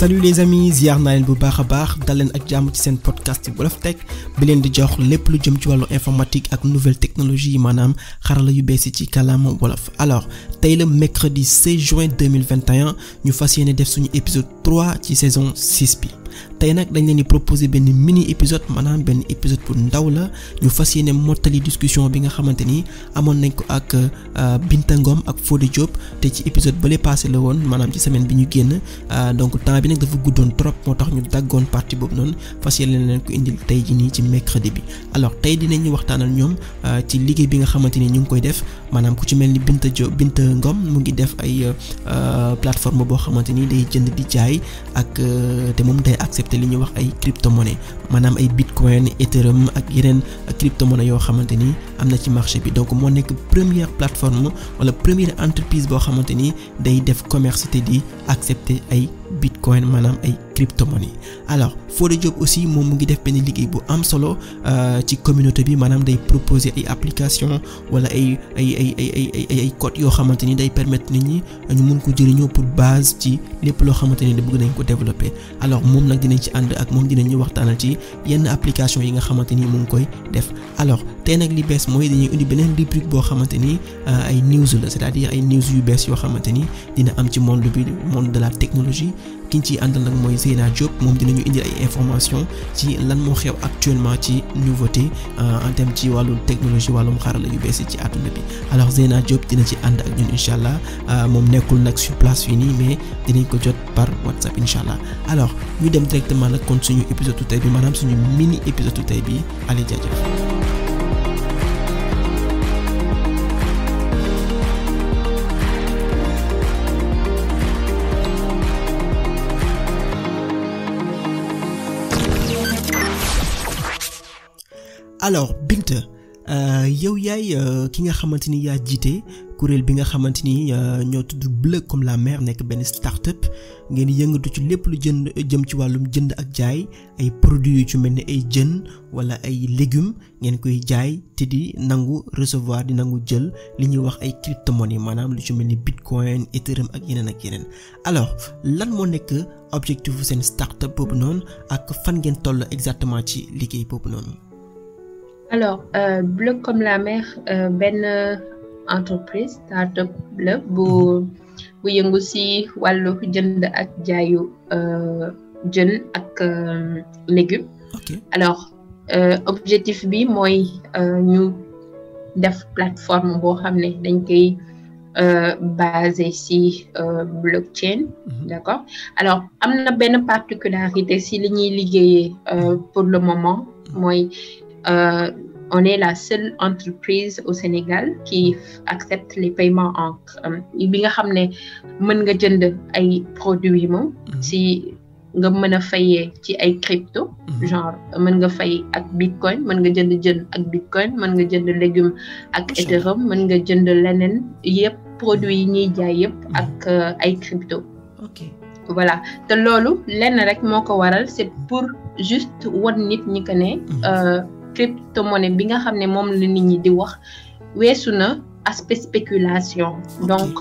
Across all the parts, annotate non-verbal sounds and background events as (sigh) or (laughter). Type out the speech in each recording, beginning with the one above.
salut les amis ziar naa leen bu baax a baax podcast Wolof Tech bi leen di jox lépp lu jëm ci informatique ak nouvelle technologie manam maanaam xarala yu bees wolof alors tey mercredi 16 juin 2021 Nous fas yéene def épisode 3 ci saison 6 p tey nak dañ leni proposer benn mini épisode manam benn épisode pour ndaw la ñu fas yéene discussion bi nga xamante amon nañ ko ak euh, Binta Ngom ak fodi Diop te ci épisode bële passé la won manam ci semaine bi ñu génn euh, donc temps bi nak dafa guddone trop motax ñu daggone parti boobu noonu fas yéene leen ko indil tay ji ni ci mercredi bi alors tey dinañu waxtaanal ñoom euh, ci liggéey bi nga xamante ñu ngi koy def maanaam ku ci mel ni Binta Jo bint ngoom mu ngi def ay euh, plateforme boo xamante ni day jënd di jaay ak euh, te moom day accepter li ñuy wax ay cryptomonnaie maanaam ay bitcoin ethereum ak yeneen cryptomonnaie yoo xamante ni am na ci marché bi donc moo nekk première plateforme wala première entreprise boo xamante ni day def commercité te di accepter ay bitcoin manam ay cryptomonnaies alors Fodé job aussi mom mu ngi def benn liggéey bu am solo euh, ci communauté bi manam day proposer ay application wala ay ay ay ay ay ay code yo xamanteni ni day permettre nit ñi ñu mun ko jëriñoo pour base ci lepp lo xamanteni ni bëgg nañ ko développer alors mom nak dinañ ci and ak mom dinañ ñu waxtaanal ci yenn application yi nga xamanteni ni mu ngi koy def alors tey nag li bees mooy dañuy indi beneen rubrique boo xamante ni euh, ay news la c'est-à-dire ay news yu bees yoo xamante ni dina am ci monde bi monde de la technologie ki ci ciy àndal nag mooy Zeyna Diop moom dinañu indi ay information ci lan moo xew actuellement ci nouveauté euh, en terme ci wàllu technologie wàllum xarala yu bees ci àdduna bi alors Zeyna Diop dina ci ànd ak ñun incha allah euh, moom nekkul nag sur place fii nii mais dinañ ko jot par WhatsApp incha allah alors ñu dem directement nag kon suñu épisode tey bi maanaam suñu mini épisode tey bi allez jaajëf alors Binta euh, yow yaay euh, ki nga xamante ni yaa jiite kuréel bi nga xamante ni euh, ñoo tudd Bleu comme la mer nekk benn start ngeen yëngatu ci lépp lu jënd jëm ci wàllum jënd ak jaay ay produits yu ci mel ni ay jën wala ay légumes ngeen koy jaay te di nangu recevoir di nangu jël li ñuy wax ay cryptomonnaies maanaam lu ci mel ni bitcoin ethereum ak yeneen ak yeneen alors lan moo nekk objectif seen start-up noonu ak fan ngeen toll exactement ci liggéey boobu noonu. alors euh, bloc comme la mer ben entreprise startup la bu bu yëngu si wallo, jënd ak jaayu jën ak légumes. alors objectif bi euh, ñu def plateforme bo xamné dañ koy basé si blockchain. Mhm. d'accord alors amna ben particularité si li ñuy euh, pour le moment moy mhm. Euh, on est la seule entreprise au Sénégal qui accepte les paiements en bi nga xam ne des nga jënd ay produits moom si mhm. nga mëna a ci ay crypto mhm. genre mën nga fay ak bitcoin mën nga jënd jënd ak bitcoin mën nga jënd légume ak ethereum mën nga jënd leneen yépp produits yi ñuy jaay yépp mhm. ak euh, ay crypto voilà te loolu lenn rek moo ko waral c'est pour juste won nit ñi ko ne euh, crypto-monnaie bi nga xam mom la nit ñi di wax weesu na aspect spéculation donc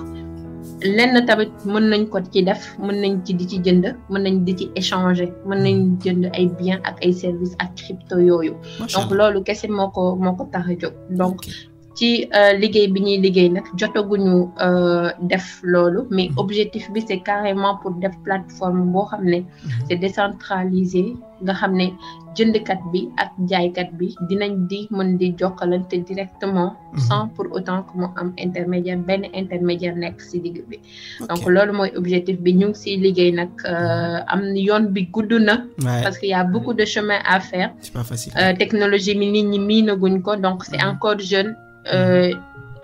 lenn tamit mën nañ ko ci def mën nañ ci di ci jënd mën nañ di ci échanger mën nañ jënd ay biens ak ay services ak crypto yooyu donc loolu kese moo ko moo ko tax a jóg donc ci euh, liggéey bi ñuy liggéey nag jotaguñu euh, def loolu mais mhm. objectif bi c'est carrément pour def plateforme boo xam ne mhm. c'est décentralisé nga xam ne jëndkat bi ak jaaykat bi dinañ di mën di jokkalante directement mhm. sans pour autant que mu am intermédiaire benn intermédiaire nekk ci digg bi donc loolu mooy objectif bi ñu ngi ciy liggéey nag euh, am yoon bi gudd na parce que y a beaucoup de chemin à faire c'est pas facile technologie mi nit ñi miinaguñ ko donc c'est encore jeune euh,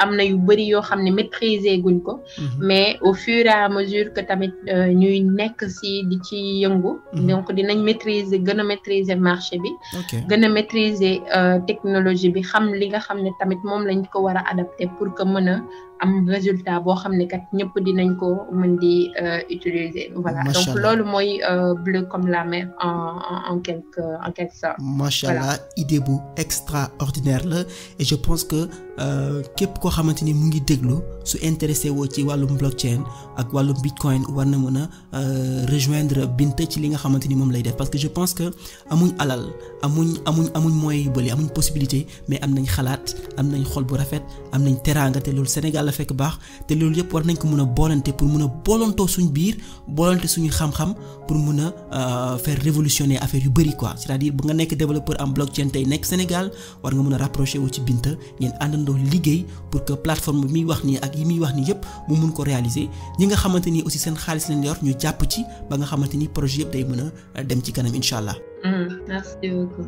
am na yu bëri yoo xam ne maîtriser guñ ko. Mhm. mais au fur et à mesure que tamit euh, ñuy nekk si di ci yëngu. Mhm. donc dinañ maîtriser gën a maîtriser marché bi. gën a maîtriser euh, technologie bi xam li nga xam ne tamit moom lañ ko war a adapté pour que mën a am résultat boo xam ne kat ñëpp dinañ ko mën di euh, utiliser. voilà donc loolu mooy euh, bleu comme la mer en en quelque en quelque sorte. macha allah idée bu extraordinaire la et je pense que euh, képp koo xamante ni mu ngi déglu su intéressé woo ci wàllum blockchain ak wàllum bitcoin war na mën a rejoindre binte ci li nga xamante ni moom lay def parce que je pense que amuñ alal amuñ amuñ amuñ moyens yu bëri amuñ possibilité mais am nañ xalaat am nañ xol bu rafet am nañ teraanga te loolu Sénégal yàlla fekk baax te loolu yëpp war nañ ko mën a boolante pour mën a boolantoo suñ biir boolante suñu xam-xam pour mën a euh, faire révolutionner affaire yu bëri quoi c'est-à-dire bu nga nekk développeur en blockchain tey nekk Sénégal war nga mën a rapproché wu ci Binta ngeen àndandoo liggéey pour que plateforme bi wax nii ak yi muy wax nii yëpp mu mun ko réaliser ñi nga xamante ni aussi seen xaalis lañ yor ñu jàpp ci ba nga xamante ni projet yëpp day mën a euh, dem ci kanam incha allah. Mm, merci beaucoup.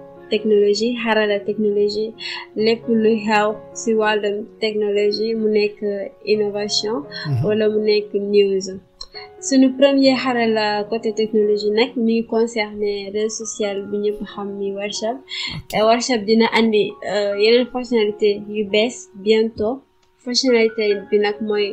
technologie xarala technologie lépp lu xew si wàllum technologie mu nekk euh, innovation mhm. wala mu nekk news suñu premier xarala côté technologie nag mi ngi concerné réseau social bi ñëpp xam mi workshop workshop dina andi euh, yeneen fonctionnalité yu bees bientôt fonctionnalité bi nag mooy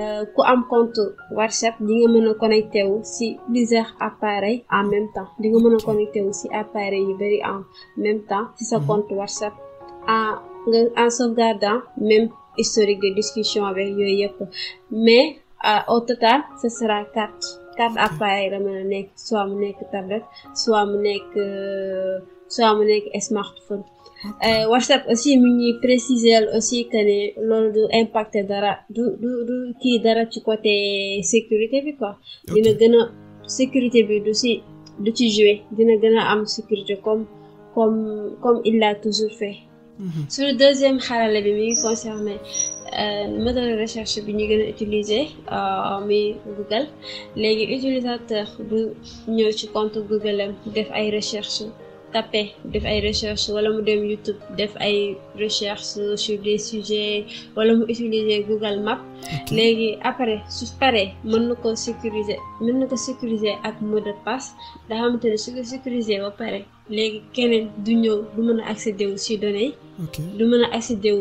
Euh, ku am compte WhatsApp di nga mën a connecté wu si plusieurs appareils en même temps di nga mën a connecté wu si appareils yu bëri en même temps si sa mhm. compte WhatsApp en ah, nga en même historique de discussion avec yooyu yëpp mais ah, au total ce sera quatre quatre appareils la a nekk soit mu nekk tablette soit mu nekk. Euh, saama nekk smartphone euh, whatsapp aussi mu ñuy préciser aussi que ne loolu du impacté dara du du du qui dara ci côté sécurité bi quoi dina gën a sécurité bi du de du ci jouer dina gën a am sécurité comme comme comme il l'a toujours fait mhm. sur le deuxième xarala bi mi ngi concerné euh, moteur de recherche bi ñu gën a utiliser euh, mi, Google les utilisateur du ñëw ci compte Google def ay recherche tapé def ay recherche wala mu dem YouTube def ay recherche sur des sujets wala mu utiliser Google Maps léegi après su paree mën sécuriser mën sécuriser mot de passe daa xamante ne sécuriser ba pare keneen du du accéder données du accéder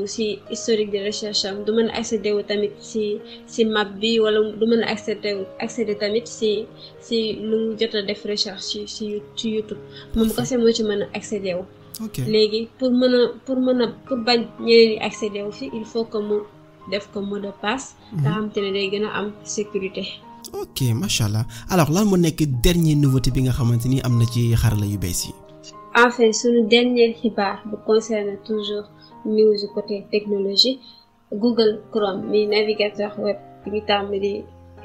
historique de recherche du accéder wu tamit si map bi wala accéder YouTube moom moo ci accéder pour pour pour bañ accéder il faut que def ko mot de passe. nga mhm. xamante day gën a am sécurité. ok macha allah alors lan moo nekk dernier nouveauté bi nga xamante ni am na ci xarala yu bees yi. enfin sunu dernier xibaar bu concerne toujours news côté technologie Google Chrome mi navigateur web bi ñu tàmm di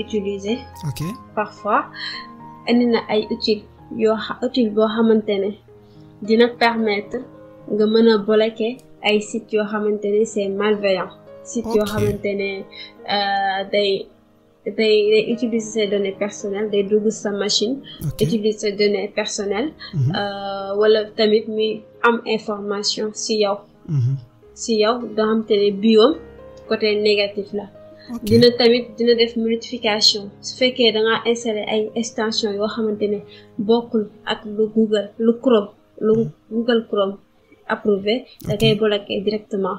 utiliser. ok parfois indi na ay outils yoo outil outils boo xamante ne dina permettre nga mën a bloquer ay sites yoo xamante ne c'est malveillant. Si yoo xamante euh, day day day utiliser say données personnelles des Google sa machine utiliser ces données personnelles mhm. euh, wala tamit mis am information si yow mhm. si yow dans xamante ne biom côté négatif là. dina tamit dina def notification su fekkee da nga installé ay extension yoo xamante ne bokkul ak lu Google lu Chrome lu mhm. Google Chrome approuvé da koy bloqué directement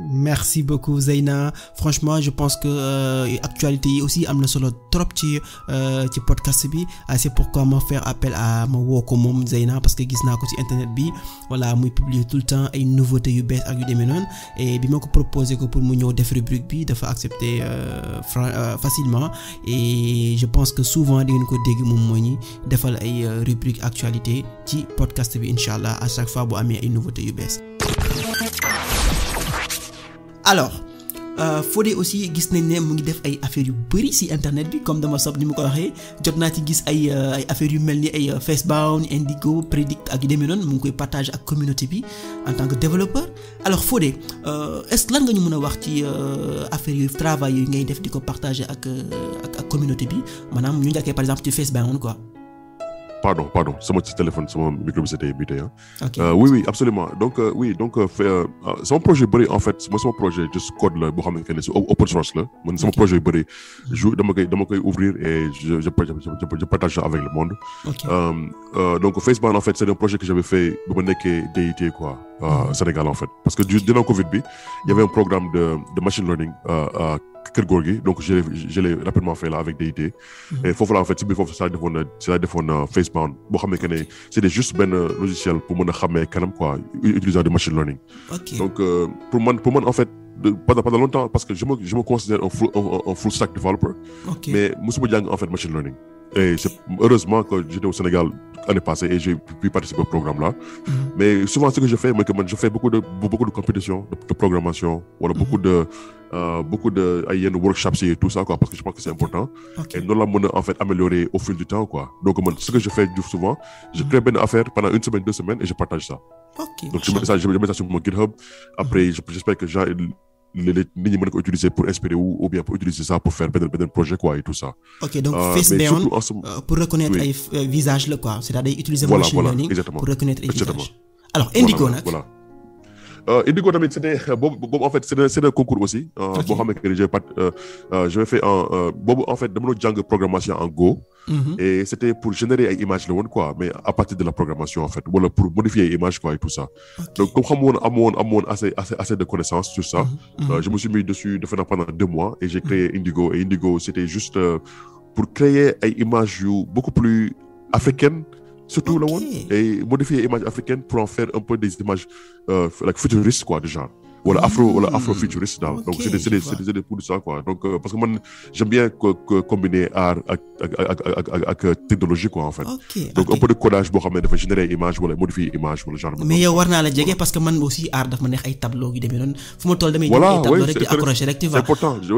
merci beaucoup Zaina. franchement je pense que euh, actualité aussi amène sur solo trop ci euh, ci podcast bi ah, c'est pourquoi je faire appel à ma woko mom Zaina parce que je ko ci internet bi voilà muy publie tout le temps une nouveauté yu à ak yu et bi propose que ko pour mu ñeu def rubrique bi dafa accepter euh, facilement et je pense que souvent di ngeen ko dégg mom moñi defal ay rubrique actualité ci podcast bi incha à chaque fois bu amé ay nouveautés yu alors euh, Fodé aussi gis nañ ne mu ngi def ay affaires yu bëri ci internet bi comme dama sob ni mu ko waxee jot naa ci ay euh, ay yu mel ni ay euh, Facebound Indigo Predict ak yu demee noonu mu ngi koy partage ak communauté bi en développeur alors Fodé est-ce lan nga ñu mën a wax ci affaires yu travail yooyu ngay def di ko partager ak ak communauté bi maanaam ñu njëkkee par exemple ci Facebound quoi. pardon, pardon, c'est mon téléphone, c'est mon micro qui s'était hein. euh, oui, oui, absolument. Donc, euh, oui, donc, c'est euh, ah, mon projet, en fait, moi, c'est mon projet, juste code, là, c'est open source, là. C'est mon projet, projet, je vais ouvrir et je, je, je, partage avec le monde. donc, Facebook, en fait, c'est un projet que j'avais fait, que DIT, quoi, C'est Sénégal, en fait. Parce que durant le Covid, il y avait un programme de, de machine learning donc je l'ai je rapidement fait là avec DIT et mhm. faut en fait si vous foofu si laa euh, juste un logiciel pour moi a quoi utilisant du machine learning donc euh, pour moi, pour moi en fait pendant pendant longtemps parce que je me je me considère un full full stack developer okay. mais mosuma suis en fait machine learning et heureusement que j'étais au Sénégal l'année passée et j'ai pu participer au programme-là. Mhm. Mais souvent, ce que je fais, moi, je fais beaucoup de, beaucoup de compétitions, de, programmation, voilà, mhm. beaucoup de, euh, beaucoup de, des workshops et tout ça, quoi, parce que je pense que c'est important. Et nous, l'avons en fait améliorer au fil du temps, quoi. Donc, moi, ce que je fais souvent, je crée une affaire pendant une semaine, deux semaines et je partage ça. Donc, je mets ça, je mets ça sur mon GitHub. Après, mhm. j'espère que j'ai les mini qu'on utilisés pour espérer ou bien pour utiliser ça pour faire un benn projet quoi et tout ça. ok donc euh, Face pour reconnaître les visage le quoi c'est-à-dire utiliser machine learning pour reconnaître les visages. alors Indigo voilà. Euh, Indigo c'était euh, en fait c'est un concours aussi. Euh, boo xam je fais un en fait de mon programmation en Go. Mhm. et c'était pour générer une image, le quoi mais à partir de la programmation en fait pour modifier une et tout ça. donc comme on a assez assez de connaissances sur ça. Mhm, mhm. je me suis mis dessus de pendant deux mois et j'ai créé Indigo et Indigo c'était juste pour créer une image beaucoup plus africaine surtout la one et modifier image africaine pour en faire un peu des images euh, like futuristes quoi de genre wala afro wala afro futuriste daal donc c'est des c'est des c'est des pour ça quoi donc euh, parce que man j'aime bien combiner art avec euh, technologie quoi en fait. donc un peu de codage pour xam de générer image wala modifier image wala genre. mais il y a la jege parce que man aussi art daf ma neex ay tableau yu demee non faut ma toll damay. voilà oui c'est très c'est important je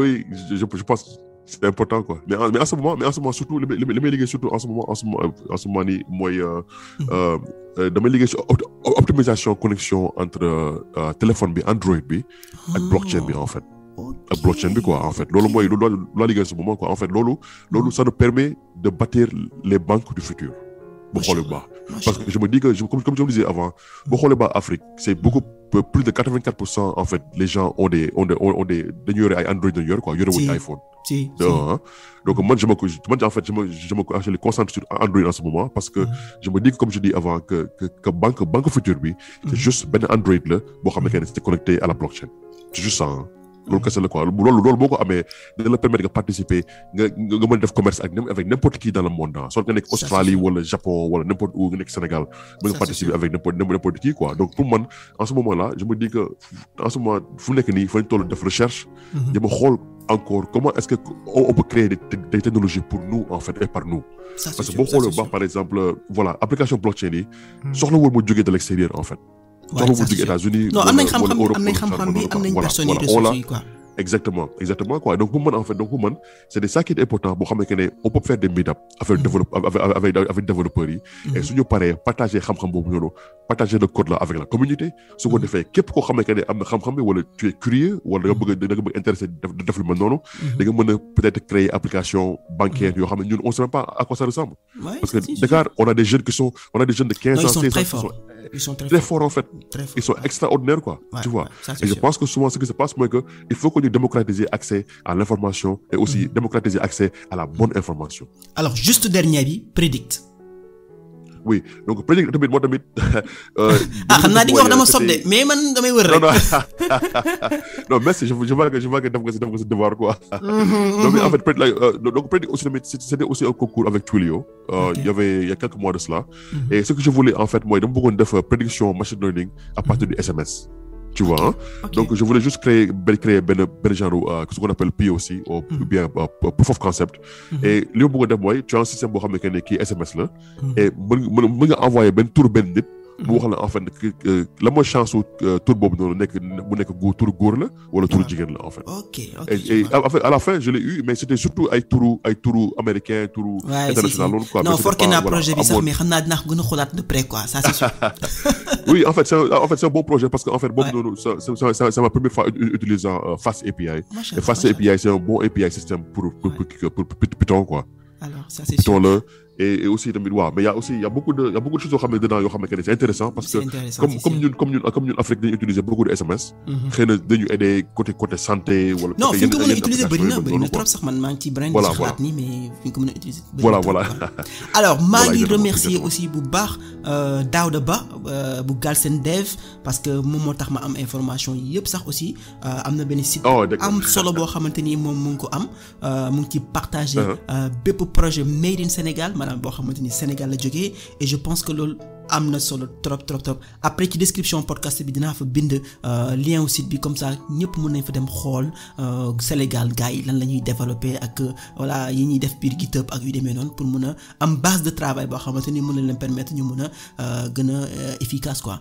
je pense c'est important quoi mais en, ce moment en ce moment surtout les surtout en ce moment en ce moment euh, en ce moment euh, mm-hmm. euh, optimisation connexion entre téléphone bi Android ah. blockchain b en fait. blockchain quoi en fait ce moment quoi en fait lolo lolo ça nous permet de bâtir les banques du futur. vous le bas parce que je me dis que, comme, comme je vous disais avant, Bokoleba Afrique, c'est beaucoup plus de 84% en fait, les gens ont des, ont des, ont des, des Android, des quoi, des iPhone. Hein. Donc, moi, je me, en fait, je me, je me, je me concentre sur Android en ce moment parce que mm-hmm. je me dis, que, comme je dis avant, que, que, que Banque, Banque Future, oui, c'est mm-hmm. juste ben Android, là, bon, mm connecté à la blockchain. C'est juste ça. Hein loolu kese la quoi loolu loolu boo ko amee dina la permettre nga participer nga nga mën def commerce ak avec n'importe qui dans le monde ah. soit nga nekk Australie wala Japon wala n'importe où nga nekk Sénégal. mën nga participer avec n'importe n'importe qui quoi donc pour man en ce moment là je me dis que en ce moment fu nekk nii fa ñu toll def recherche. me mhm. xool encore comment est-ce que on peut créer des, technologies pour nous en fait et par nous. parce que boo xoolee baax par exemple voilà application blockchain yi. Mhm. soxla woon moo jógee de l'extérieur en fait waaw sax États-Unis non am nañ xam-xam am nañ xam-xam bi am nañ personnes yi ressources yi quoi. exactement exactement quoi donc bu man en fait donc bu man c'est des de ça qui est important boo xam que on peut faire des meet-up avec mm. développe avec avec développeurs yi. Mm. et suñu paree partager xam-xam boobu noonu partager le code là avec la communauté. su ko mm. defee képp koo xam que ne am xam-xam bi wala tu es curieux wala da nga bëgg da nga bëgg intéressé def lu mel mm-hmm. da nga mën peut-être créer application bancaire yo xam ne ñun on ne sait pas à quoi ça ressemble. parce que Dakar on a des jeunes qui sont on a des jeunes de quinze ans seize ans ils sont très, fort forts. en fait. ils sont extraordinaires quoi. tu vois. et je pense que souvent ce qui se passe, c'est que il faut qu'on ait démocratiser accès à l'information et aussi mhm. démocratiser accès à la bonne information. Alors juste dernier avis, prédicte oui donc président tamit moo tamit. (laughs) Euh, ah xam di nga wax mais man damay wër rek. non (laughs) merci je je vois que je vois que def devoir quoi. Mm-hmm, mm-hmm. euh, donc en fait peut donc peut aussi tamit c'était aussi un concours avec Twilio. Euh, il y avait il y a quelques mois de cela. Mm-hmm. et ce que je voulais en fait moi de faire une prédiction machine learning à partir du SMS tu vois hein. donc je voulais juste créer ben, créer ben ben genre euh, ce qu'on appelle POC mhm. ou bien euh, euh, proof of concept mhm. et li ma tu as un système boo qui qui SMS là et mën mën envoyer tour de mu wax la en fait la mooy chance su euh, tur boobu noonu nekk mu nekk góor tur góor la wala tour ah. jigéen la en fait. ok ok et en fait à la fin je l'ai eu mais c'était surtout ay turu ay turu américain turu. international loolu quoi. non Forkina projet bi sax mais xam naa dinaa gën a de près quoi ça c'est sûr. (laughs) oui en fait c'est en fait c'est un bon projet parce que en fait boobu noonu c'est ma première fois utilisant euh, face API. et face API c'est un bon API système pour pour pour Python quoi. alors ça c'est sûr et, et aussi tamit waaw mais il y' a aussi il y' a beaucoup de y' a beaucoup de choses yoo xam ne dedans yo xamné c'est intéressant parce que comme comme ñun comme ñun comme ñun Afrique dañuy utiliser beaucoup de SMS. Mhm. xëy na dañu aider côté côté santé. wala non fi nga ko mën a utiliser bëri na bëri na trop sax man maa ngi ci brain di xalaat ni mais fi ko a utiliser. voilà voilà alors maa ngi remercier aussi bu baax euh, Daouda Ba euh, bu Galsen Dev parce que moom moo tax ma am information yépp sax aussi euh, am na benn site. Oh, am solo boo xamante ni moom mu ngi ko am mu ngi ci partager uh-huh. bépp projet made in Sénégal. Sénégal la et je pense que loolu am solo trop trop trop après ci description podcast bi dinaa fa bind euh, lien au site bi comme ça ñëpp mën nañ fa dem xool euh, Sénégal gars yi lan développer ak euh, voilà yi ñuy def ak yu pour mun a am base de travail permettre ñu efficace quoi.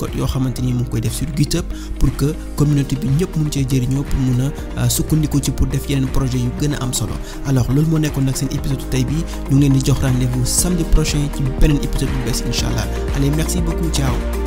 code yoo xamante ni mu ngi koy def sur GitHub pour que communauté bi ñëpp mun cee jëriñoo pour mun a euh, sukkandiku ci pour def yeneen projet yu gën a am solo alors loolu moo nekkoon nag seen épisode tey bi ñu ngi leen di jox rendez-vous samedi prochain ci beneen épisode bu bees incha allah allez merci beaucoup ciao